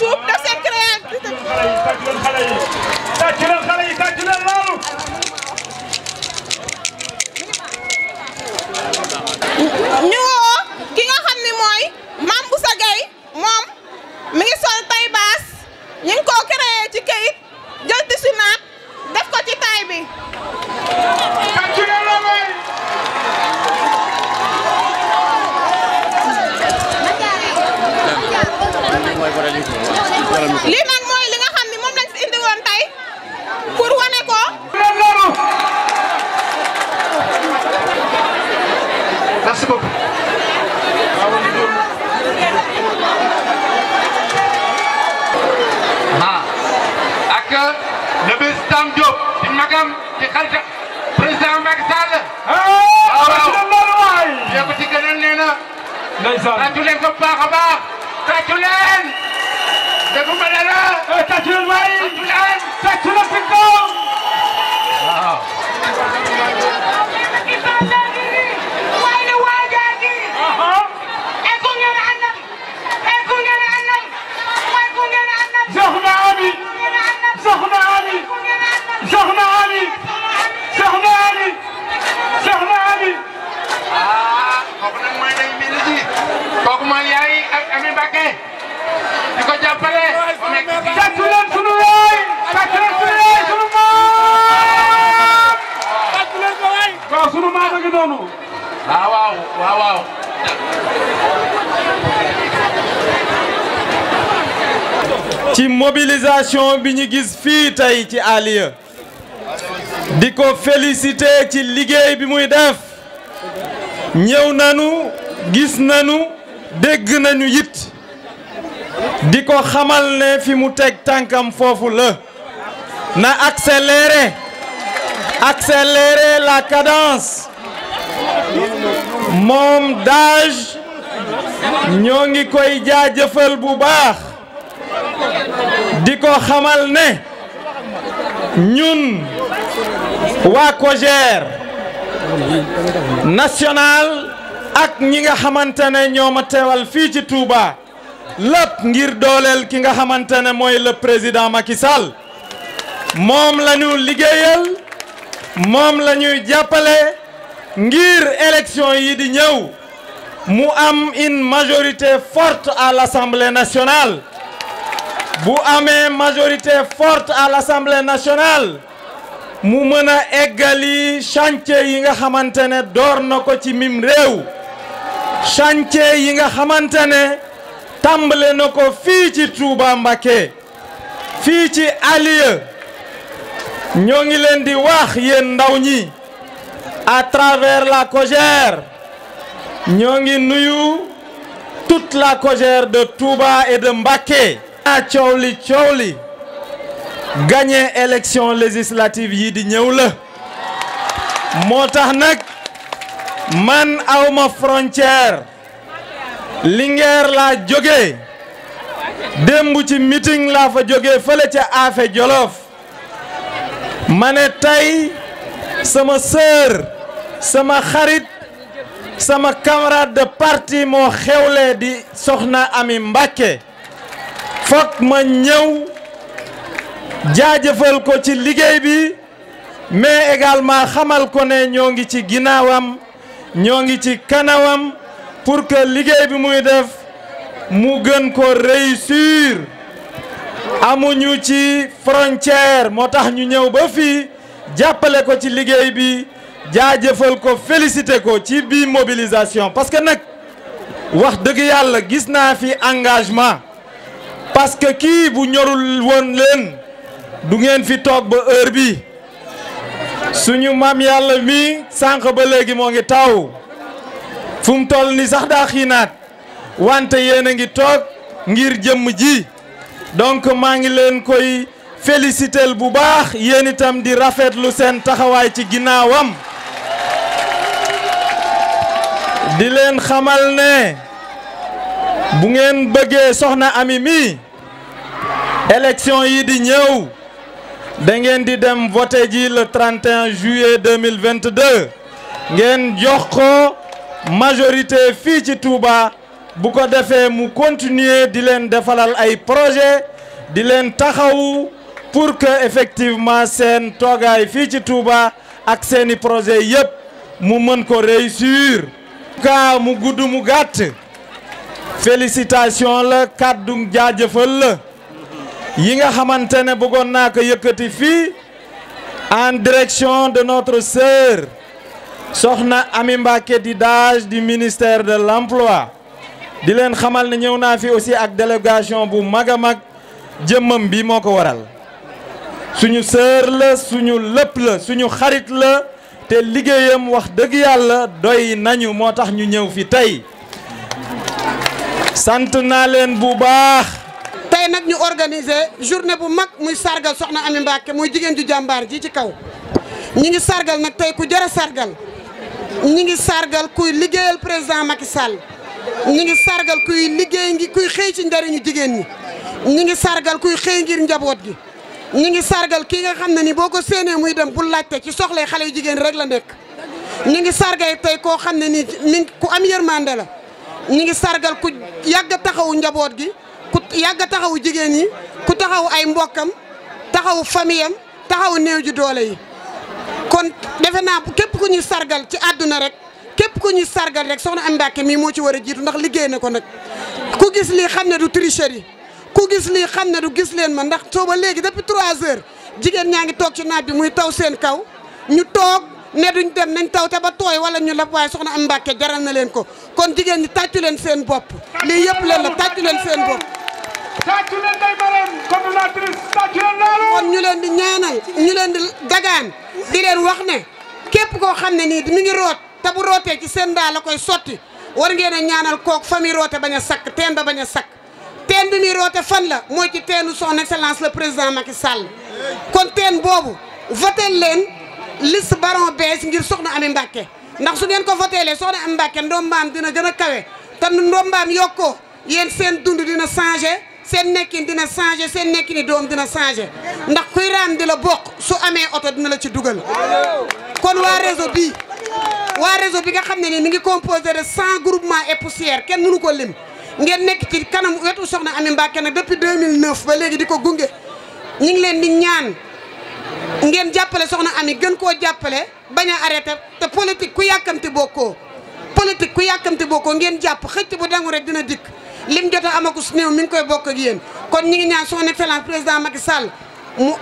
cuub tàccu leen ko baax a baax tàccu leen déggu ma dara eh, tàccu leen waay tàccu leen tàccu la si kaw ci mobilisation bi ñu gis fii tey ci Alieu di ko féliciter ci liggéey bi muy def ñëw nanu gis nanu dégg nañu it di ko xamal ne fi mu teg tànkam foofu la na accélérer accélérer la cadence moom daaj ñoo ngi koy jaajëfal bu baax di ko xamal ne ñun waa COJER national ak ñi nga xamante ne ñoo ma teewal fii ci Touba lépp ngir dooleel ki nga xamante ne mooy le président Macky Sall moom la ñu liggéeyal moom la ñuy jàppale ngir élection yi di ñëw mu am une majorité forte à l'Assemblée nationale bu amee majorité forte à l'Assemblée nationale mu mën a eggali chantier yi nga xamante ne door na ko ci mim réew chantier yi nga xamante ne tàmble na ko fii ci Touba Mbacké fii ci Alieu ñoo ngi leen di wax yéen ndaw ñi à travers la COJER ñoo ngi nuyu toute la COJER de Touba et de Mbacké ah coow li coow li gagné élection yi di ñëw la moo tax nag man awma frontière Linguère la jóge démb ci meeting laa fa jóge fële ca Afe Jolof ma ne tey sama sœur sama xarit sama camarade de parti moo xewle di soxna Ami Mbàkke foog ma ñëw jaajëfal ko ci liggéey bi mais également xamal ko ne ñoo ngi ci ginnaawam ñoo ngi ci kanawam pour que liggéey bi muy def mu gën ko réussir amuñu ci frontière moo tax ñu ñëw ba fii jàppale ko ci liggéey bi jaajëfal ko félicité ko ci bii mobilisation parce que nag wax dëgg yàlla gis naa fi engagement parce que kii bu ñorul woon leen du ngeen fi toog ba heure bi suñu maam yàlla mi sànq ba léegi moo ngi taw fum mu toll ni sax daa xiinaat wante yéen a ngi toog ngir jëmm ji donc maa ngi leen koy féliciter bu baax yéen itam di rafetlu seen taxawaay ci ginnaawam di leen xamal ne bu ngeen bëggee soxna Ami mi élection yi di ñëw da ngeen di dem voté ji le 31 juillet 2022 ngeen jox ko majorité fii ci Touba bu ko defee mu continuer di leen defalal ay projet di leen taxawu pour que effectivement seen toogaay fii ci Touba ak seeni projet yëpp mu mën ko réussir. en mu gudd mu gàtt. félicitation la kàddu jaajëfal la yi nga xamante ne bëggoon naa ko yëkkati fii en direction de notre sœur soxna Amy Mbacké di DAGE du ministère de l'emploi di leen xamal ne ñëw naa fi aussi ak délégation bu mag a mag jëmmam bi moo ko waral suñu sœur la suñu lépp la suñu xarit la te liggéeyam wax dëgg yàlla doy nañu moo tax ñu ñëw fi tey sant naa leen bu baax. tey nag ñu organiser journée bu mag muy sargal soxna Amy Mbacké muy jigéen ju jàmbaar ji ci kaw ñi ngi sargal nag tey ku jëra sargal ñi ngi sargal kuy liggéeyal président Macky sàll ñi ngi sargal kuy liggéey ngi kuy xëy ci njariñu jigéen ñi ñi ngi sargal kuy xëy ngir njaboot gi ñi ngi sargal kii nga xam ne nii boo ko séenee muy dem bu laajte ci soxlay xale yu jigéen rek la nekk ñi ngi sargal tey koo xam ne ni mi ku am yërmande la ñi ngi sargal ku yàgg taxawu njaboot gi ku yàgg taxawu jigéen ñi ku taxawu ay mbokkam taxawu famiyam taxawu néew ji doole yi kon defe naa képp ku ñuy sargal ci àdduna rek képp ku ñuy sargal rek soxna Amy Mbacké mii moo ci war a jiitu ndax liggéey ne ko nag ku gis lii xam ne du tricherie ku gis lii xam ne du gis leen ma ndax soo ba léegi depuis 3 heures jigéen ñaa ngi toog ci naaj bi muy taw seen kaw ñu toog ne duñ dem nañ taw te ba tooy wala ñu lab waaye soxna am Mbàkke jaral na leen ko kon jigéen ñi tàccu leen seen bopp lii yëpp leen la tàccu leen seen bopp tàccu leen day bareem coordinatrice tàccu leen kon ñu leen di ñaanal ñu leen di dagaan di leen wax ne képp koo xam ne nii mi ngi root te bu rootee ci seen daa la koy sotti war ngeen a ñaanal kook fa muy roote bañ sakk teen ba bañ a sakk teen bi muy roote fan la mooy ci teenu son excellence le président Macky Sall kon teen boobu votel leen liste baron bees ngir soxna Ami Mbàkke ndax su ngeen ko voteelee soxna Ami Mbàkke ndombaam dina gën a kawe te ndombaam yokkoo yéen seen dund dina changé seen nekkin dina changé seen nekkini doom dina changé ndax kuy raam di la bokk su amee oto dina la ci dugal kon waa réseau bi waa réseau bi nga xam ne nii mi ngi composé de cent groupement et poussière kenn mënu ko lim ngeen nekk ci kanam wetu soxna Ami Mbàkke nag depuis 2009 ba léegi di ko gunge ñu ngi leen di ñaan ngeen jàppale soxna Ami gën koo jàppale bañ a arrêté te politique ku yàkkamti bokkoo politique ku yàkkamti bokkoo ngeen jàpp xëcc bu dangu rek dina dikk lim jot ama amagu su néew mi koy bokk ak yéen kon ñi ngi ñaan son excellence président Macky Sall mu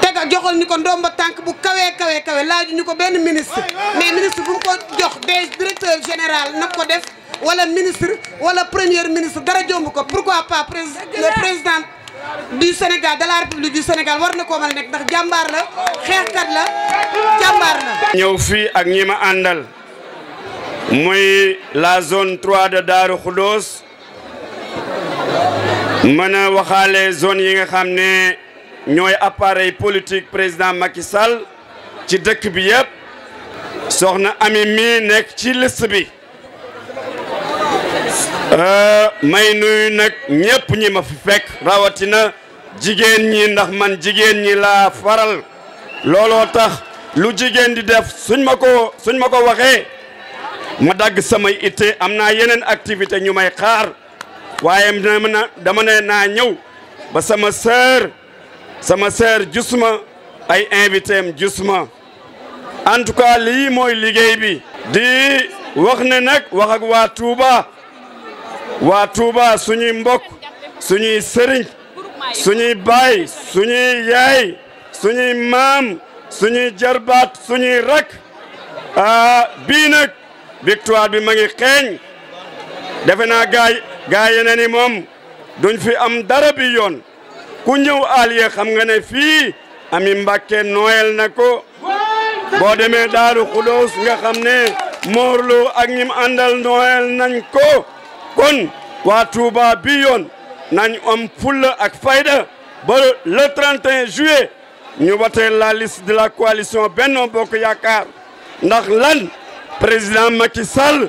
te tega joxal ñu ko doom ba tànk bu kawee kawee kawe laaju ñu ko benn ministre mais ministre bu mu ko jox des directeur général na ko def wala ministre wala premier ministre dara jomb ko pourquoi pas président du Sénégal de la République du Sénégal war na koo a nekk ndax jàmbaar la xeexkat la jàmbaar la. ñëw fii ak ñi ma àndal muy la zone 3 de Darou Khoudoss mën a waxaale zone yi nga xam ne ñooy appareil politique président Macky sal ci dëkk bi yëpp soxna Ami mi nekk ci liste bi. Euh, may nuyu nag ñépp ñi ma fi fekk rawatina jigéen ñi ndax man jigéen ñi laa faral looloo tax lu jigéen di def suñ ma ko suñ ma ko waxee ma dagg samay itte am naa yeneen activité ñu may xaar waaye dama ne naa ñëw ba sama sœur sama sœur gis ay invité am gis lii mooy liggéey bi di wax ne nag wax waa Touba waa Touba suñuy mbokk suñuy sëriñ suñuy baay suñuy yaay suñuy maam suñuy jarbaat suñuy rak ah bii nag victoire bi ma ngi xeeñ defe naa gaay gaay yeneen yi moom duñ fi am dara bi yoon ku ñëw Alieu xam nga ne fii ami Mbàkke noyel na ko boo demee Daaru Xudoos nga xam ne moorlu ak ñim àndal noyel nañ ko kon waa Touba bi yoon nañ am fulla ak fayda ba le 31 juillet ñu watee la liste de la coalition Benno Bokk Yaakaar ndax lan président Macky Sall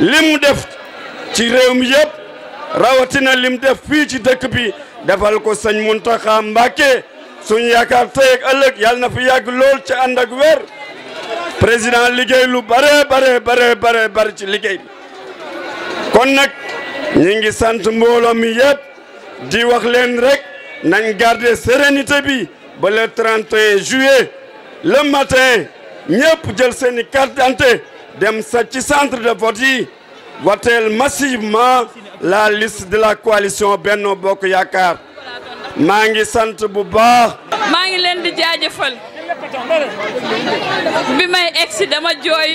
limu def ci réew mi yëpp rawatina limu def fii ci dëkk bi defal ko sëñ Mountakha Mbacké suñu yaakaar tey ëllëg yàlla na fi yàgg lool ci ànd ak weer président liggéey lu bare bare bare bare ci liggéey kon nag ñu ngi sant mbooloo mi yëpp di wax leen rek nañ garder sérénité bi ba le 31 juillet le matin ñëpp jël seen i carte dem sa ci centre de vote yi wateel massivement la liste de la coalition Benno Bokk Yaakaar maa ngi sant bu baax. maa ngi leen bi may egsi dama jooy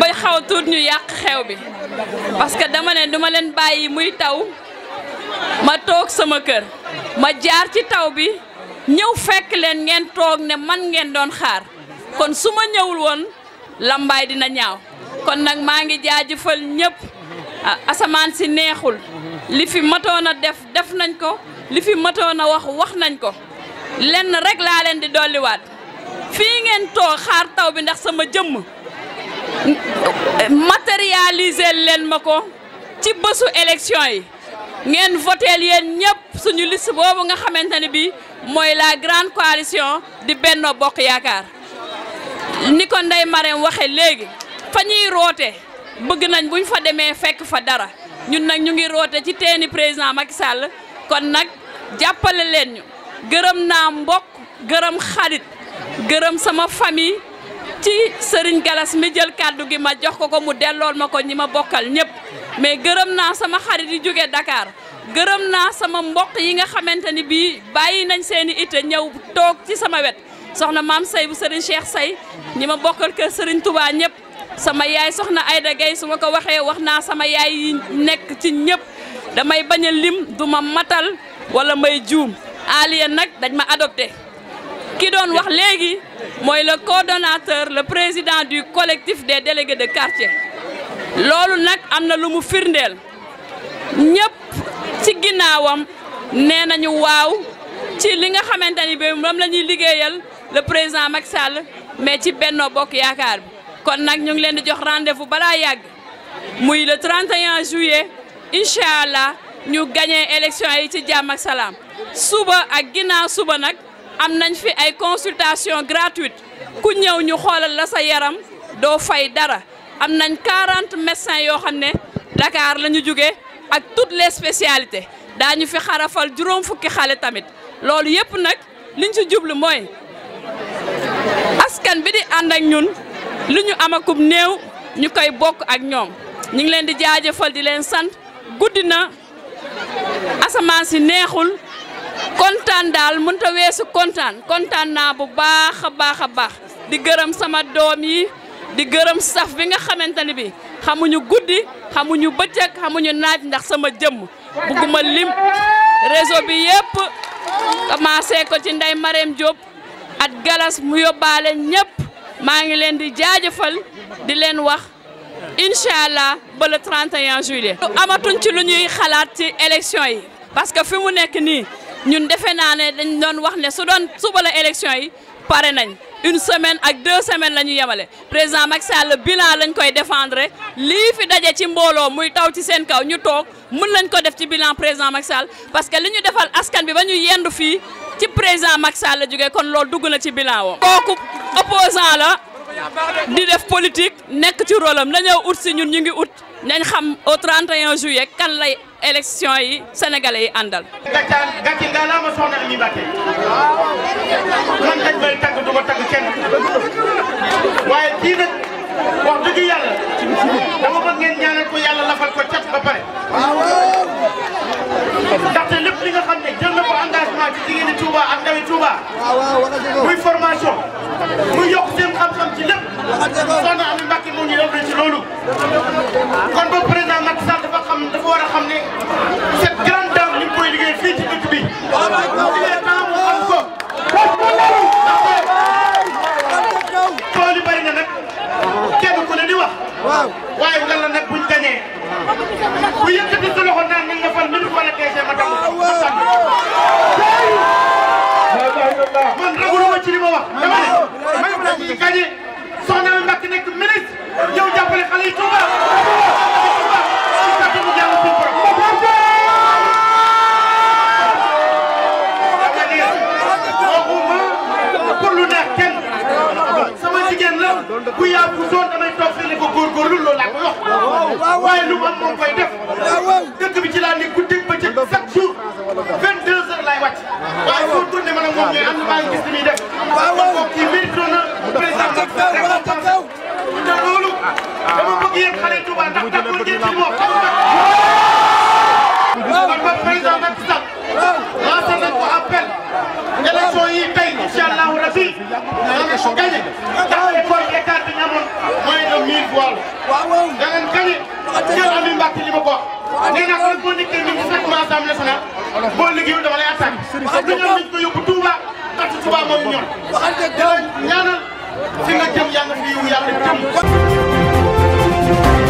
ba xaw tuut ñu yàq xew bi parce que dama ne duma leen bàyyi muy taw ma toog sama kër ma jaar ci taw bi ñëw fekk leen ngeen toog ne man ngeen doon xaar kon su ma ñëwul woon lambaay dina ñaaw kon nag maa ngi jaajëfal ñëpp asamaan si neexul li fi matoon a def def nañ ko li fi matoon a wax wax nañ ko lenn rek laa leen di dolliwaat fii ngeen toog xaar taw bi ndax sama jëmm matérialiser leen ma ko ci bésu élection yi ngeen voteel yéen ñëpp suñu liste boobu nga xamante ne bi mooy la grande coalition di Benno Bokk Yaakaar ni ko ndey Marème waxe léegi fa ñuy roote bëgg nañ buñ fa demee fekk fa dara ñun nag ñu ngi roote ci teeni président Macky Sall kon nag jàppale leen ñu gërëm naa mbokk gërëm xarit gërëm sama fami ci Serigne Galas mi jël kàddu gi ma jox ko ko mu dellool ma ko ñi ma bokkal ñëpp mais gërëm naa sama xarit yi jóge dakaar gërëm naa sama mbokk yi nga xamante ni bii bàyyi nañ seeni ite ñëw toog ci sama wet soxna maam say bu Serigne Cheikh say ñi ma bokkal kër Serigne Touba ñëpp sama yaay soxna Ayda Gaye su ma ko waxee wax naa sama yaay yi nekk ci ñëpp damay bañ a lim du ma matal walla may juum Alien nag dañ ma adopté ki doon wax léegi mooy le coordonnateur le président du collectif des délégués de quartier loolu nag am na lu mu firndeel ñëpp ci ginnaawam nee nañu waaw ci li nga xamante ni bi moom la ñuy liggéeyal le président Macky Sall mais ci benn Bokk Yaakaar bi kon nag ñu ngi leen di jox rendez-vous balaa yàgg muy le 31 juillet incha allah ñu gagné élection yi ci jàmm ak salaam suba ak ginnaaw suba nag am nañ fi ay consultation gratuite ku ñëw ñu xoolal la sa yaram doo fay dara am nañ 40 médecins yoo xam ne Dakar la ñu jóge ak toutes les spécialités daañu fi xarafal juróom fukki xale tamit loolu yëpp nag liñ si jublu mooy askan bi di ànd ak ñun li ñu amakum néew ñu koy bokk ak ñoom ñu ngi leen di jaajëfal di leen sant guddi na asamaan si neexul kontaan daal mënta a weesu kontaan kontaan naa bu baax a baax a baax di gërëm sama doom yi di gërëm saf bi nga xamante ne bi xamuñu guddi xamuñu bëccëg xamuñu naaj ndax sama jëmm bugguma lim réseau bi yépp commencé ci ndey Marème Diop at galas mu yóbbaale ñëpp maa ngi leen di jaajëfal di leen wax incha allah ba le 31 juillet. amatuñ ci lu ñuy xalaat ci élection yi parce que fi mu nekk nii ñun defe naa ne dañ doon wax ne su doon suba la yi pare nañ. une semaine ak deux semaine la ñu yemale président Macky Sall bilan lañ koy défendre lii fi daje ci mbooloo muy taw ci seen kaw ñu toog mun lañ ko def ci bilan président Macky parce que li ñu defal askan bi ba ñu yend fii ci président Macky la jógee kon lool dugg na ci bilan woo kooku opposant nekk ci rôle am na ut si ñun ñu ngi ut nañ xam au 31 juillet kan lay élection yi sénégalais yi àndal. gàccaal gàcce nga laa ma soxna Amy Mbacké man dañ tagg du ma tagg kenn waaye kii nag wax dëgg yàlla dama bëgg ngeen ñaanal ko yàlla lafal ko cat ba pare. ndaxte lépp li nga xam ne développement ci jigéeni Touba ak ndawi Touba. muy formation. muy yokk seen xam-xam ci lépp. soxna Amy Mbacké moo ñu def ci loolu. kon ba président Macky Sall dafa xam dafa war a xam ne cette grande dame ñu ngi koy liggéey fii ci dëkk bi. waaw waaye lan la nag buñ gañee ku yëkkati sa loxo naan nañ la fal ministre wala DG ma damm ko ma sànni. man ragaluma ci li ma wax dama ne. ndax takku njiit yi moo kon ba président Macky Sall lancé nañ ko appel élection yi tey incha allahu rabi danga ko gagné ndax effort écart bi ñu amoon mooy de 1000 voix la da ngeen gagné jël Amy Mbacké li ma ko wax nee naa kon boo nekkee ñun ci sama assemblée nationale boo liggéeyul dama lay attaqué du ñoom ñu ko yóbbu Touba parce que Touba mooy ñoom ñaanal fi nga jëm yaa nga fi yiw yaa nga jëm